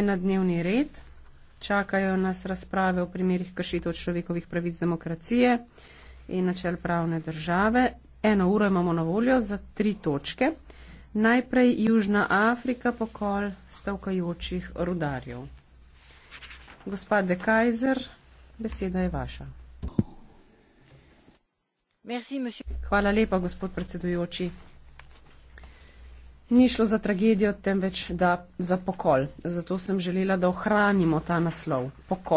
na dnevni red. Čakajo nas razprave o primerih kršitev človekovih pravic demokracije in načel pravne države. Eno uro imamo na voljo za tri točke. Najprej Južna Afrika, pokol stavkajočih rudarjev. Gospa De Kajzer, beseda je vaša. Hvala lepa, gospod predsedujoči ni šlo za tragedijo, temveč za pokol. Zato sem želela, da ohranimo ta naslov, pokol.